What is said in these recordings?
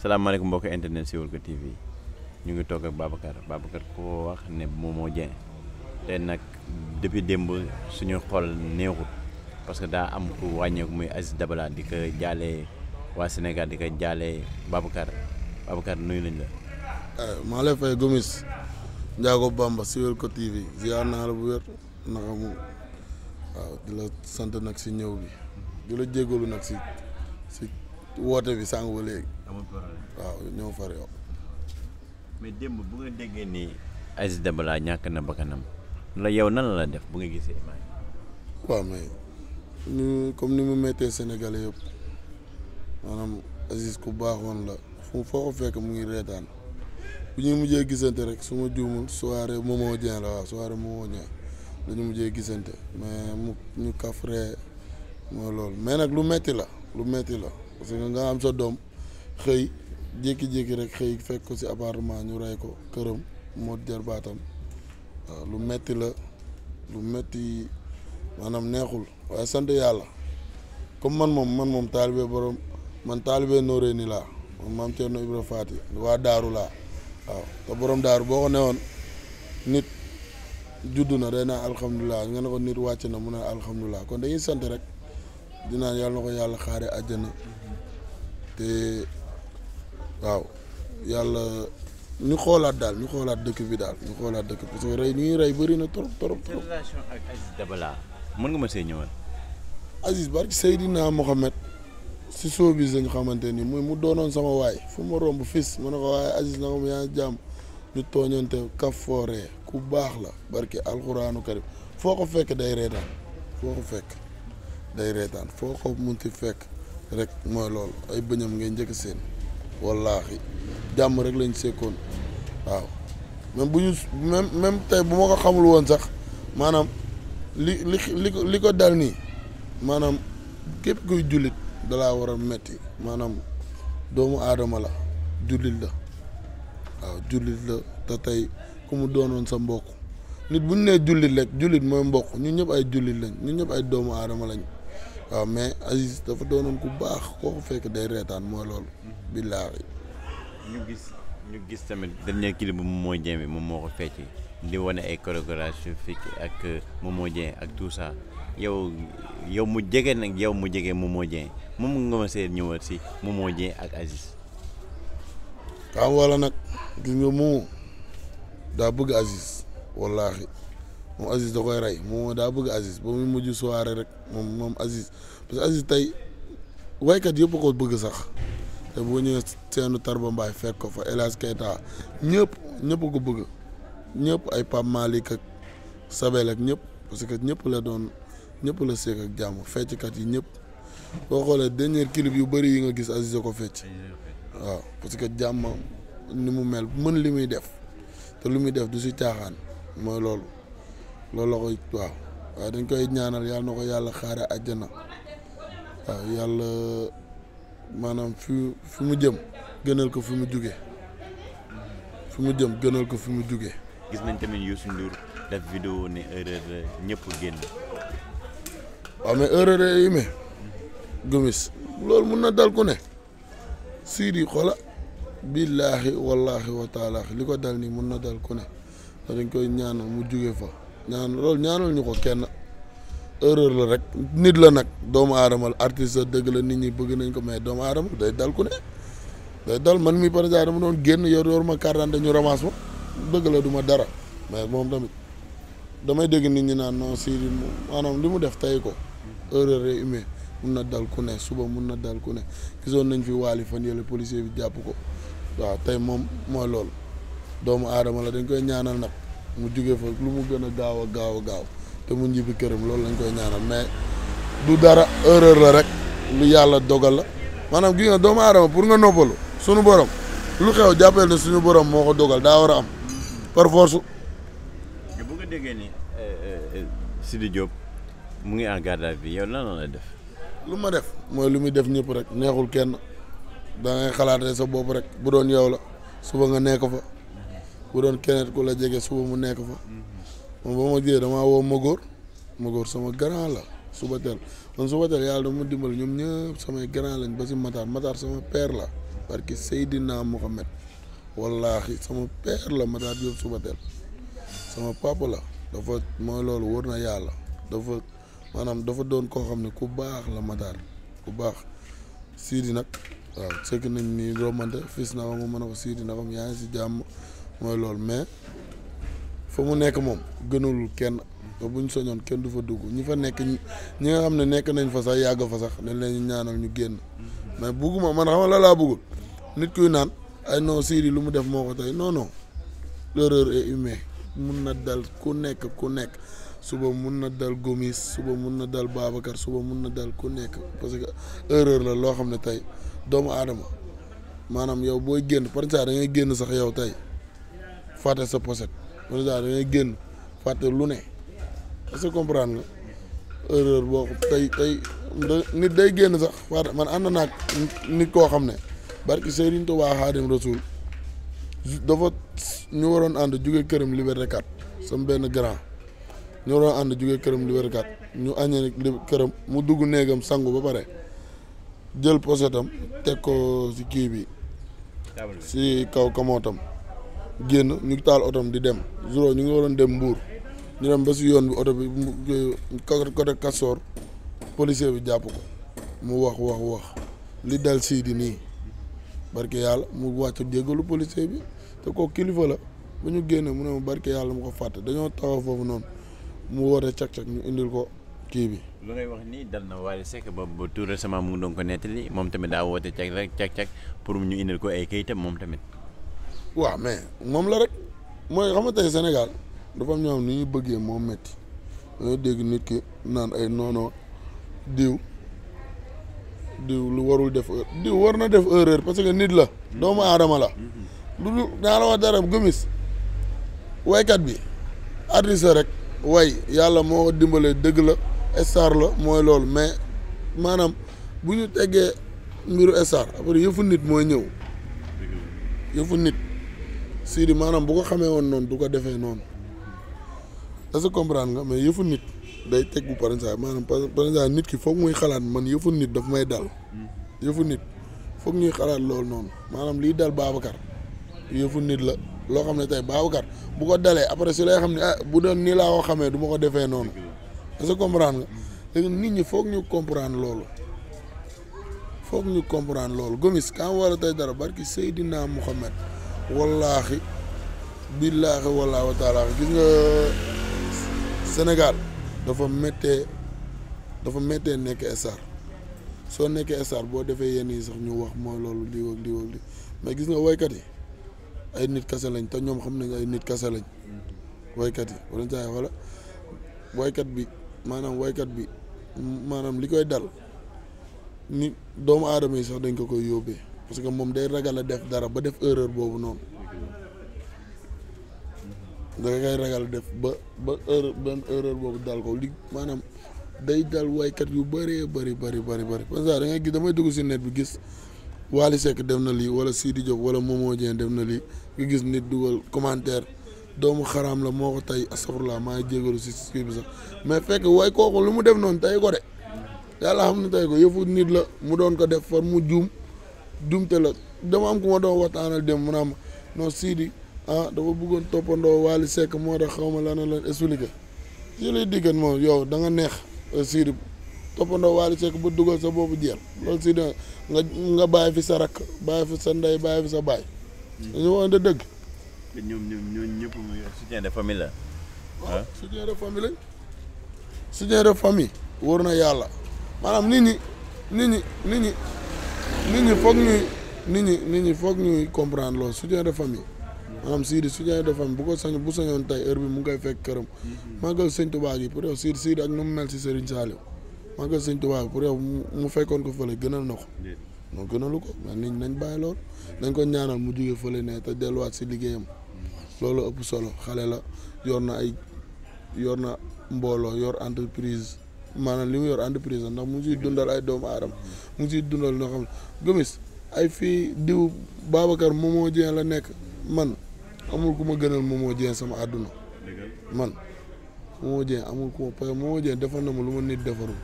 salaamaaleykum mbokk internet ci Siweulko TV ñu ngi toog ak babakar babakar ko wax ne Momo je té nak depuis démb suñu xol neexut parce que da am ku ak muy Aziz Dabala di ko jalé wa Sénégal di ko jalé babakar babakar nuyu lañ la. Eh, ma lay fay Gomis ndago Bamba Siweulko TV ziar na la bu wér na am waaw di la sante nak ci ñew bi di la djéggolu nak ci si wote bi sànq amul waaw ñoo far yow. mais démb bu nga déggee ni Aziz Dabala ñàkk na bakkanam la yow nan la def bu nga gisee image waaw mais ni comme ni mu méttee Sénégalais yëpp maanaam Aziz ku baaxoon la fu foo ko fekk mu ngi reetaan bu ñu mujjee gisante rek su ma juumul soirée Momo Dieng la waaw soirée Momo Dieng la mujjee gisante mais mu ñu kafree mooy loolu mais nag lu metti la lu metti la parce nga am sa doom xëy jékki-jékki rek xëy fekk ko ci appartement ñu rey ko këram moo jarbaatam waaw lu metti la lu metti maanaam neexul waaye sant yàlla comme man moom man moom taalibe borom man taalibe nooree ni laa man maam Thierno Ibra Faty waa daaru laa waaw daaru boo ko newoon na day naan alhamdulilah nga ne ko nit wàcc na mu ne alhamdulilah kon dañuy sant rek dinaan yàlla ko yàlla xaare àjjana te waaw yàlla ñu xoolaat daal ñu xoolaat dëkk bi daal ñu xoolaat dëkk parce que rey ñuy rey bëri na trop trop trop. mën nga ma see ñëwal. Aziz barki naa Mohamed si soo bi lañ xamante ni muy mu doonoon sama waay fu ma romb fis ma ne ko waaye Aziz na ko mu yaa jàmm ñu tooñante kafooree ku baax la barki alxuraanu karim foo ko fekk day reetaan foo ko fekk day reetaan foo ko munti fekk rek mooy loolu ay bëñam ngay njëkk seen. wallaahi jàmm rek lañ sekkoon waaw même bu ñu même même tey bu ma ko xamul woon sax maanaam li li li ko li ko dal nii maanaam képp kuy jullit dalaa war a metti maanaam doomu aadama la jullit la waaw jullit la te tey ku mu doonoon sa mbokk nit bu ñu nee jullit rek jullit mooy mbokk ñu ñëpp ay jullit lañ ñun ñëpp ay doomu aadama lañ waaw mais Aziz dafa doonoon ku baax koo ko fekk day reetaan mooy loolu. Mhm. billaahi ñu gis ñu gis tamit dernier clip bu Momo Dieng bi moom moo ko fecc di wane ay chorégraphie fii ak euh, Momo Dieng ak tout ça yow mu jege nag yow mu jege Momo Dieng moom nga ma see ñëwaat si Momo Dieng ak Aziz. kaam wala nag gis nga Momo daa bëgg Aziz wallaahi. moom Aziz da koy rey moom daa bëgg Aziz ba muy mujj soirée rek moom moom Aziz parce que Aziz tey waykat yëpp ko bëgg sax te boo ñëwee seenu Tarba Mbaye fekk ko fa El Hadj Keita ñëpp ñëpp ko bëgg ñëpp ay Pape Malick ak Sabel ak ñëpp parce que ñëpp la doon ñëpp la seeg ak jàmm fecckat yi ñëpp boo xoolee dernier clip yu bëri yi nga gis Aziz da ko fecc waaw parce que jàmm ni mu mel mën li muy def te lu muy def du si caaxaan mooy loolu. loolu la koy waaw waaw dañ koy ñaanal yàlla na ko yàlla xaare àjjana waaw yàlla maanaam fi fi mu jëm gënal ko fi mu jóge fi mu jëm gënal ko fi mu jugee. gis nañ tamit Youssou Ndour def vidéo ne erreur la ñëpp génn. waaw mais erreur yi mais Gomis loolu mun na dal ku ne Sidi xola billaahi wallaahi wa taala li ko dal nii mun na dal ku ne dañ koy ñaanal mu jóge fa. ñaan loolu ñaanal ñu ko kenn erreur la rek nit la nag doomu aadama la artiste dëgg la nit ñi bëgg nañ ko mais doomu aadama day dal ku ne day dal man mi par exemple dama doon génn yor ma carte d'identité ñu ramasse ma dara mais moom tamit damay dégg nit ñi naan non si maanaam li mu def tey ko erreur est mun na dal ku ne suba mun na dal ku ne gisoon nañ fi waali fan policier bi jàpp ko waaw tey moom mooy loolu doomu aadama la dañ koy ñaanal nag mu juge fa lu mu gën a gaaw a gaaw a gaaw te mu ñibbi këram loolu lañ koy ñaanal mais du dara erreur la rek lu yàlla dogal la maanaam gi nga doomu aadama pour nga noppalu suñu borom lu xew jàppeel ne suñu borom moo ko dogal daa war a am par force. bu nga déggee ni euh, euh, mu ngi en garde à vue yow lan la def. lu ma def mooy lu muy def ñëpp rek neexul kenn da ngay sa bopp rek bu doon yow la suba nga nekk fa. bu doon keneen ku la jege suba mu nekk fa moom ba ma jiyee damaa woo Magor Magor sama grand la suba teel kon suba teel yàlla dama dimbal ñoom ñëpp samay grand lañ ba si Matar Matar sama père la parce que Seydina Mohamed wallaahi sama père la Matar Diop suba teel sama papa la dafa mooy loolu wóor na yàlla dafa maanaam dafa doon koo xam ne ku baax la Matar ku baax Sidi nag waaw sekk nañ ni romante fis na ko ma mën a ko Sidi na ko yaa ngi si jàmm. mooy loolu mais fa mu nekk moom gënul kenn te buñ soñoon kenn du fa dugg ñi fa nekk ñi nga xam ne nekk nañ fa sax yàgg fa sax dañ leen ñaanal ñu génn mais bugguma man xam laa buggul nit kuy naan ay non Sidy lu mu def moo ko tey non non l'erreur est humaine mun na dal ku nekk ku nekk suba mun na dal Gomis suba mun na dal Babacar suba mun na dal ku nekk parce que erreur la loo xam ne tey doomu aadama maanaam yow booy génn par exemple da ngay génn sax yow tey fàtte sa poset président dangay génn fàtte lu ne est-ce que comprendre nga erreur boo tey tey nit day génn sax fàtte man ànd naag nit koo xam ne barki Serigne Touba Xaadim Rasoul dafa ñu waroon ànd jóge këram Liberté 4 sama benn grand ñu waroon ànd jóge këram Liberté 4 ñu añee këram mu dugg néegam sangu ba pare jël posetam teg ko si kii bi si kaw kamootam génn ñu ngi taal otom di dem jour ñu ngi waroon dem Mbour ñu dem ba si yoon bi oto bi côté Castor policier bi jàpp ko mu wax wax wax li dal Sidi nii barke yàlla mu wàcc jéggalu policier bi te kooku kilifa la ba ñu génne mu ne mu barke yàlla mu ko fàtte dañoo taxaw foofu noonu mu woote cag-cag ñu indil ko kii bi lu ngay wax nii dal na Wally Seck ba ba tout récemment mu ngi doon ko nettali moom tamit daa wote cag rek cag-cag pour ñu indil ko ay kayitam moom tamit waaw mais moom la rek mooy xam Sénégal dafa am ñoo xam ni ñu bëggee moom métti dañoo dégg nit ki naan ay noonoo diw diw lu warul def diw war na def erreur parce que nit la doomu aadama la lu dul daa la wax dara gëmis waykat bi artiste rek way yàlla moo dimbalee dëgg la star la mooy loolu mais maanaam bu ñu teggee mbiru star après yëfu nit mooy ñëw yëfu nit Sidi maanaam bu ko xamee woon noonu du ko defee noonu est-ce que comprendre nga mais yëfu nit day teg bu par exemple maanaam par exemple nit ki foog muy xalaat man yëfu nit daf may dal yëfu nit foog ñuy xalaat loolu noonu maanaam liy dal Babacar yëfu nit la loo xam ne tey Babacar bu ko dalee après si lay xam ne ah bu doon nii laa ko xamee du ma ko defee noonu est nit ñi foog ñu comprendre loolu foog ñu comprendre loolu gomis quand war a tey dara barki Seydina Mouhamed wallaahi billaahi wallaahi wa taala gis nga Sénégal dafa méttee dafa méttee nekk star soo nekkee star boo defee yenn yi sax ñu wax mooy loolu lii wëg lii wëg lii mais gis nga woykat yi ay nit kase lañ te ñoom xam nañ ay nit kase lañ woykat yi wala jaay wala woykat bi maanaam woykat bi maanaam li koy dal ni doomu aadama yi sax dañ ko koy yóbbee parce que moom day ragal a def dara ba def erreur bobu non da ngay ragal def ba ba erreur ben erreur bobu dal ko manam day dal kat yu bari bari bari. bari bari parce que da ngay gi damay dugg ci net bi gis wali sek def na li wala Sidi job wala Momo jeen def na li gi gis nit duggal commentaire doomu kharam la moko tay tey ma maa ngi ci si bi sax mais fekk way kooku lu mu def non tay ko de yalla xam tay ko yëfu nit la mu don ko def far mu djum dum la dama am kuma ma doon dem mu naam non Sidi ah dafa bëggoon toppandoo Wally wali sek mo da xawma lan lan esulika si lay diggan moom yo da nga neex eh, Sidi toppandoo wali sek bu dugal sa bobu jeex lol Sidi nga nga bay fi sa rak bay fi sa nday bay fi sa baay. Hmm. dañu waxante dëgg. ñom ñoom ñoom ñëpp mu soutien de famille la. waaw soutien de famille lañ soutien de famille worna yalla manam nit ñi nit ñi nit ñi. nit ñi foog ñuy nit ñi nit ñi foog ñuy comprendre loolu soutien de famille maanaam Sidi soutien de famille bu ko sañ bu sañoon tey heure bi mu ngay koy fekk këram màggal sëñ Tuubaa yi pour yow siir Sidi ak nu mu mel si Serigne Saliou màggal sëñ Tuubaa pour yow mu fekkoon ko fële gënal na ko non gënalu ko ma nit ñi nañ bàyyi lool nañ ko ñaanal mu jóge fële ne te delluwaat si liggéeyam loolu ëpp solo xale la yor na ay yor na mbooloo yor entreprise maanaam li mu yor entreprise ndax mu ngi siy dundal ay doomu aadama mu ngi siy dundal noo xam ne Gomis ay fii diw Babacar Momo Dieng la nekk man amul ku ma gënal Momo Dieng sama àdduna man Momo amul ku ma parce que Momo Dieng defal na ma lu ma nit defarul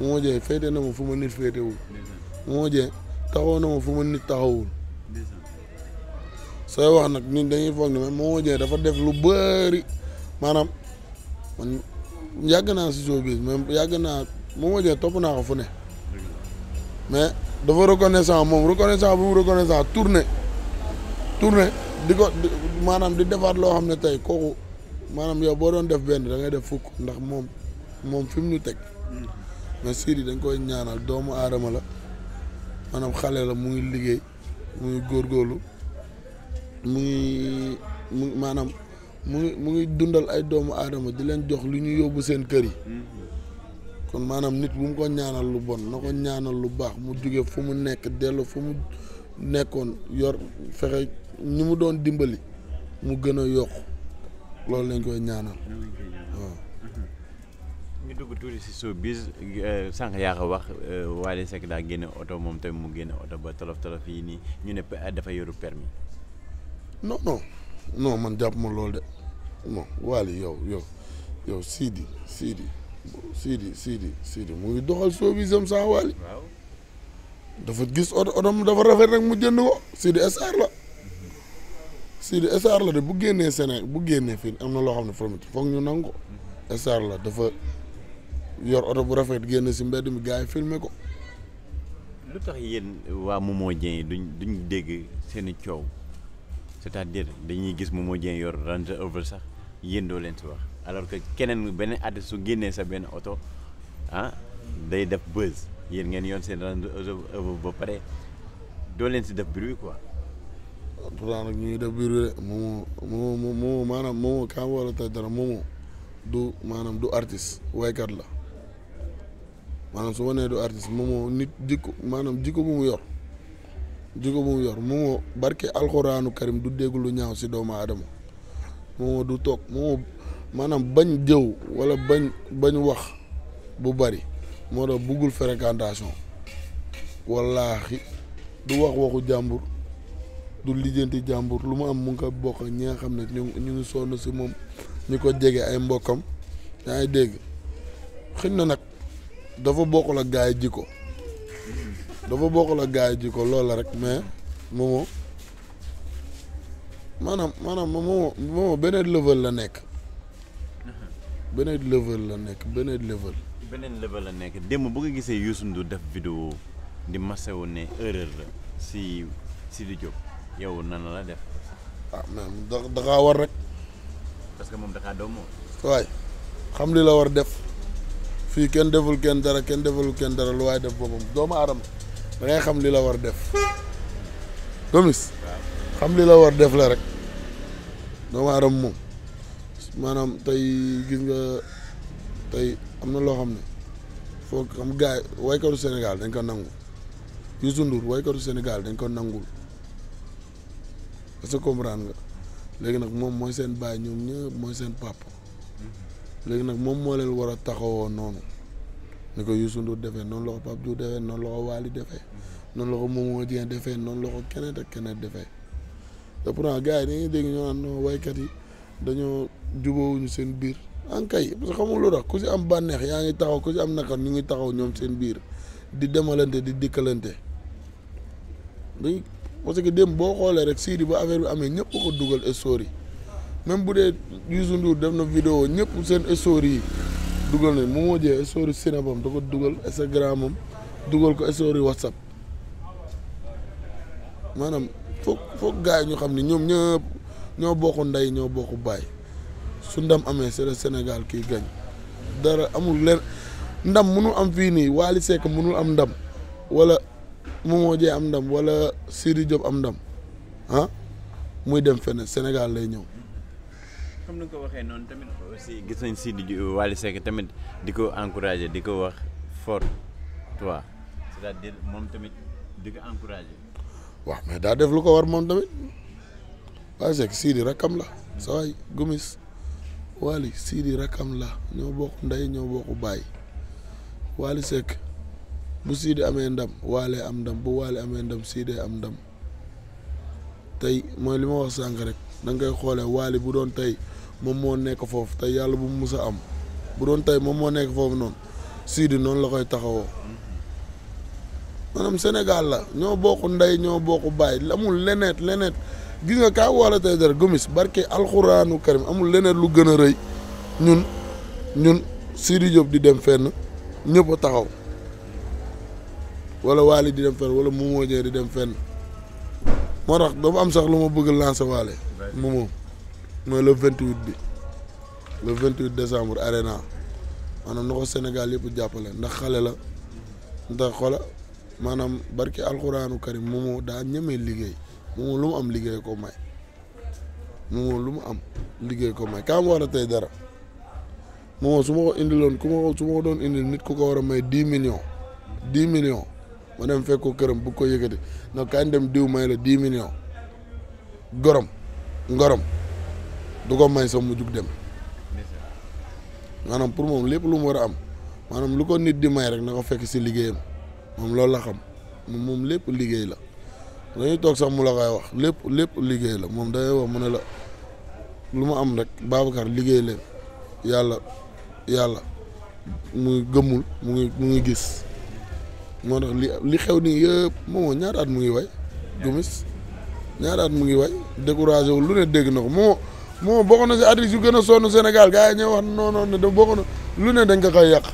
Momo Dieng féete na ma fu ma nit féetewul Momo Dieng taxaw na ma fu ma nit taxawul sooy wax nag nit dañuy foog ne Momo Dieng dafa def lu bëri maanaam yàgg naa si showbiz même yàgg naa Momo Dieng topp naa ko fu ne mais dafa reconnaissant moom reconnaissant bu mu reconnaissant tourné tourné di ko maanaam di defaat loo xam ne tey kooku maanaam yow boo doon def benn da ngay def fukk ndax moom moom fi mu ñu teg mais Sidy dañ koy ñaanal doomu aadama la maanaam xale la mu ngi liggéey mu ngi góorgóorlu mu ngi mu mu ngi mu ngi dundal ay doomu aadama di leen jox lu ñu yóbbu seen kër yi mm-hmm. kon maanaam nit bu mu ko ñaanal lu bon na ko ñaanal lu baax mu jóge fu mu nekk dellu fu mu nekkoon yor fexe ñi mu doon dimbali mu gën a yokk loolu lañ koy ñaanal waaw mm-hmm. ñu dugg si suuf bi eh, sànq yaa ko wax eh, Wally Seck daa génne oto moom tamit mu génne oto ba tolof tolof yi nii ñu ne dafa yoru permis non no man jàpp ma loolu de non Wally yow yow yow Sidi Sidi Sidi Sidi Sidi mu ngi doxal soobisam saa Wally dafa gis oto oto dafa rafet rek mu jënd ko Sidi SR la Sidi SR la de bu génnee Sénégal bu génnee fii am na loo xam ne promit foog ñu nangu ko SR la dafa yor oto bu rafet génn si mbedd mi gars yi filmé ko. lu tax yéen waa Momo Dieng duñ duñ dégg seen coow. c'est-à-dire dañuy gis Momo Dieng yor Range over sax yendo len ci wax alors que kenen benen artiste su sa benn auto ah day def buzz yeen ngeen yon sen Range Rover ba paré do len ci def bruit quoi. pourtant nag ñuy def bruit mo mo mo Momo maanaam Momo kaa war dara mo du manam du artiste kat la manam su woné du artiste mo nit jikko manam jikko bu mu yor. jikko bu mu yor moomoo barke alxuraanu karim du dégg lu ñaaw si doomu aadama moomoo du toog moomoo maanaam bañ jëw wala bañ bañ wax bu bari moo tax buggul fréquentation wallaahi du wax waxu jàmbur du lijjanti jàmbur lu mu am mu ngi ko bokk ñi nga xam ne ñu ñu sonn si moom ñu ko jege ay mbokkam yaa ngi dégg xëy na nag dafa bokkul ak gaa yi jikko dafa bokkul ak gars yi ji ko loola rek mais moomoo maanaam maanaam moomoo moomoo beneen level la nekk uh-huh. beneen level la nekk beneen level. beneen level la nekk démb bu nga gisee Youssou du def vidéo di masawu ne erreur la si si li jóg yow nan la def. ah mais da da war rek. parce que moom da kaa doon moom. waay xam li la war def fii kenn deful kenn dara kenn deful kenn dara lu waaye def boppam doomu aadama. da xam li la war def gomis xam li la war def la rek doomu aadama moom maanaam tey gis nga tey am na loo xam ne foog xam gars yi waykatu Sénégal dañ ko nangu Youssou Ndour waykatu Sénégal dañ ko nangul parce que comprendre nga léegi nag moom mooy seen baay ñoom ñëpp mooy seen papa léegi nag moom moo leen war a taxawoo noonu ni ko Youssou Ndour defee noonu la ko Pape Diouf defee noonu la ko Waly defee noonu la ko Momo Dieng defee noonu la ko keneen ak keneen defee te pourtant gars yi dañuy dégg ñu naan waykat yi dañoo jubóowuñu seen biir ankay parce que xamul lu tax ku si am bànneex yaa ngi taxaw ku si am naqar ñu ngi taxaw ñoom seen biir di demalante di dikkalante dañ parce que démb boo xoolee rek Sidi ba affaire bi amee ñëpp ko dugal story même bu dee Youssou Ndour def na vidéo ñëpp seen yi dugal nañ Momo Dieng story Snap am da ko dugal Instagram am dugal ko story WhatsApp maanaam foog foog gars yi ñu xam ne ñoom ñëpp ñoo bokku ndey ñoo bokku baay su ndam amee c'est le Sénégal kii gañ dara amul leen ndam mënul am fii nii Wally Seck mënul am ndam wala Momo jee am ndam wala Sidy Diop am ndam ah muy dem feneen Sénégal lay ñëw comme ni nga ko waxee noonu tamit aussi gis nañ si di wali Seck tamit di ko encouragé di ko wax fort toi c'est-à-dire moom tamit di ko encouragé. waaw mais daa def lu ko war moom tamit Wally Seck Sidi rakkam la sa waay Gomis Wally Sidi rakkam la ñoo bokk ndey ñoo bokk baay Wally Seck bu Sidi amee ndam Wally am ndam bu Wally amee ndam Sidi am ndam tey mooy lima wax sànq rek da ngay xoolee bu moom moo nekk foofu tey yàlla bu mu a am bu doon tey moom moo nekk foofu noonu Sidi noonu la koy taxawoo maanaam Sénégal la ñoo bokk ndey ñoo bokk bàyyi amul leneen leneen gis nga kaa wala tey dara gomis barke alxuraanu karim amul leneen lu gën a rëy ñun ñun Sidi Diop di dem fenn ñëpp a taxaw wala Waly di dem fenn wala Momo Dieng di dem fenn moo tax dafa am sax lu ma bëgg lancer Waly Momo mooy le vingt huit bi le vingt huit décembre arena maanaam na ko Sénégal yëpp jàppale ndax xale la ndax xoola maanaam barki alxuraanu karim moomoo daa ñemee liggéey moomoo lu am liggéey ko may moomoo lu mu am liggéey ko may kaa war a tey dara moomoo su ma ko indiloon ku ma ko su ma ko doon indil nit ku ko war a may dix millions dix million ma dem fekk ko këram bu ko yëkkati nag kañ dem diw may la dix millions gorom ngorom du ko may sax mu jug dem maanaam pour moom lépp lu mu war a am maanaam lu ko nit di may rek na ko fekk si liggéeyam moom loolu la xam moom moom lépp liggéey la dañuy toog sax mu la koy wax lépp lépp liggéey la moom day wax mu ne la lu mu am rek Babacar liggéey leen yàlla yàlla mu gëmul mu ngi mu ngi gis moo tax li li xew nii yëpp moomoo ñaata at mu ngi way gumis ñaata at mu ngi way découragé wu lu ne dégg na ko moomoo moom bokk na si artiste yu gën a sonn Sénégal gars yi ñoo wax non non ne da na lu ne dañ ko yàq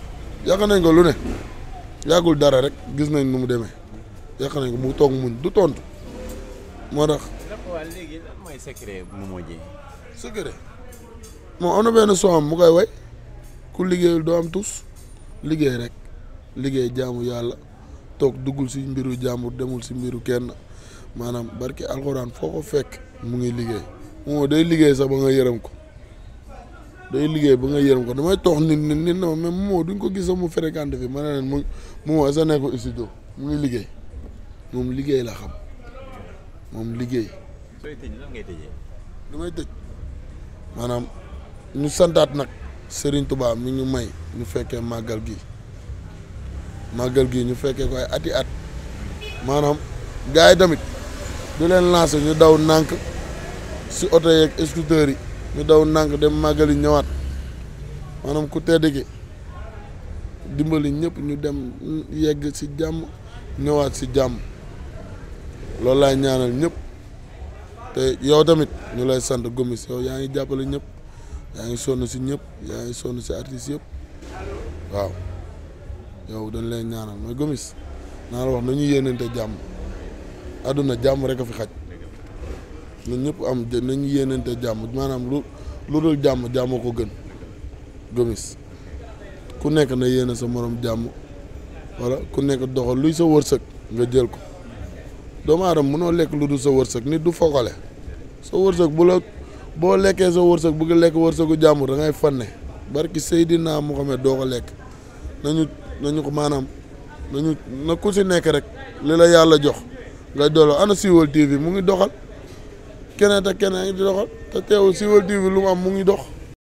yàq nañ ko lu ne yàggul dara rek gis nañ nu mu demee yàq mu toog muñ du tontu moo tax. waaw léegi lan mooy secret Momo am benn son mu koy way ku liggéeyul doo am tus liggéey rek liggéey jaamu yàlla toog duggul si mbiru jàmbur demul si mbiru kenn maanaam barki alxuraan foo ko fekk mu ngi liggéey. moom day liggéey sax ba nga yërëm ko day liggéey ba nga yërëm ko damay toox nit nit nit na mais moom duñ ko gis sax mu fréquente fi ma ne leen mu moom sa nekko studio mu ngi liggéey moom liggéey la xam moom liggéey damay tëj maanaam ñu santaat nag sëriñ tubaab mi ñu may ñu fekkee màggal gi màggal gi ñu fekkee koy ay ati at maanaam gars yi tamit du leen lancer ñu daw nànk si oto yeeg scooter yi ñu daw nànk dem màggali ñëwaat maanaam ku tedd ki dimbali ñëpp ñu dem yegg si jàmm ñëwaat si jàmm loolu laay ñaanal ñëpp te yow tamit ñu lay sant Gomis yow yaa ngi jàppale ñëpp yaa ngi sonn si ñëpp yaa ngi sonn si artistes yëpp waaw yow dañ lay ñaanal mooy Gomis naa la wax nañu yéenante jàmm àdduna jàmm rek a fi xaj ñun ñëpp am nañu yéenante jàmm maanaam lu lu dul jàmm jàmm ko gën gomis ku nekk na yéene sa moroom jàmm wala ku nekk doxal luy sa wërsëg nga jël ko doomu aadama mënoo lekk lu dul sa wërsëg nit du fogale sa wërsëg bu la boo lekkee sa wërsëg bëgg lekk wërsëgu jàmm da ngay fanne barki Seydina Muhammad doo ko lekk nañu nañu ko maanaam nañu na ku si nekk rek li la yàlla jox nga dooloo ana siiwal TV mu ngi doxal keneen ak keneen a ngi di doxal te teewul Siweul TV lu mu am mu ngi dox.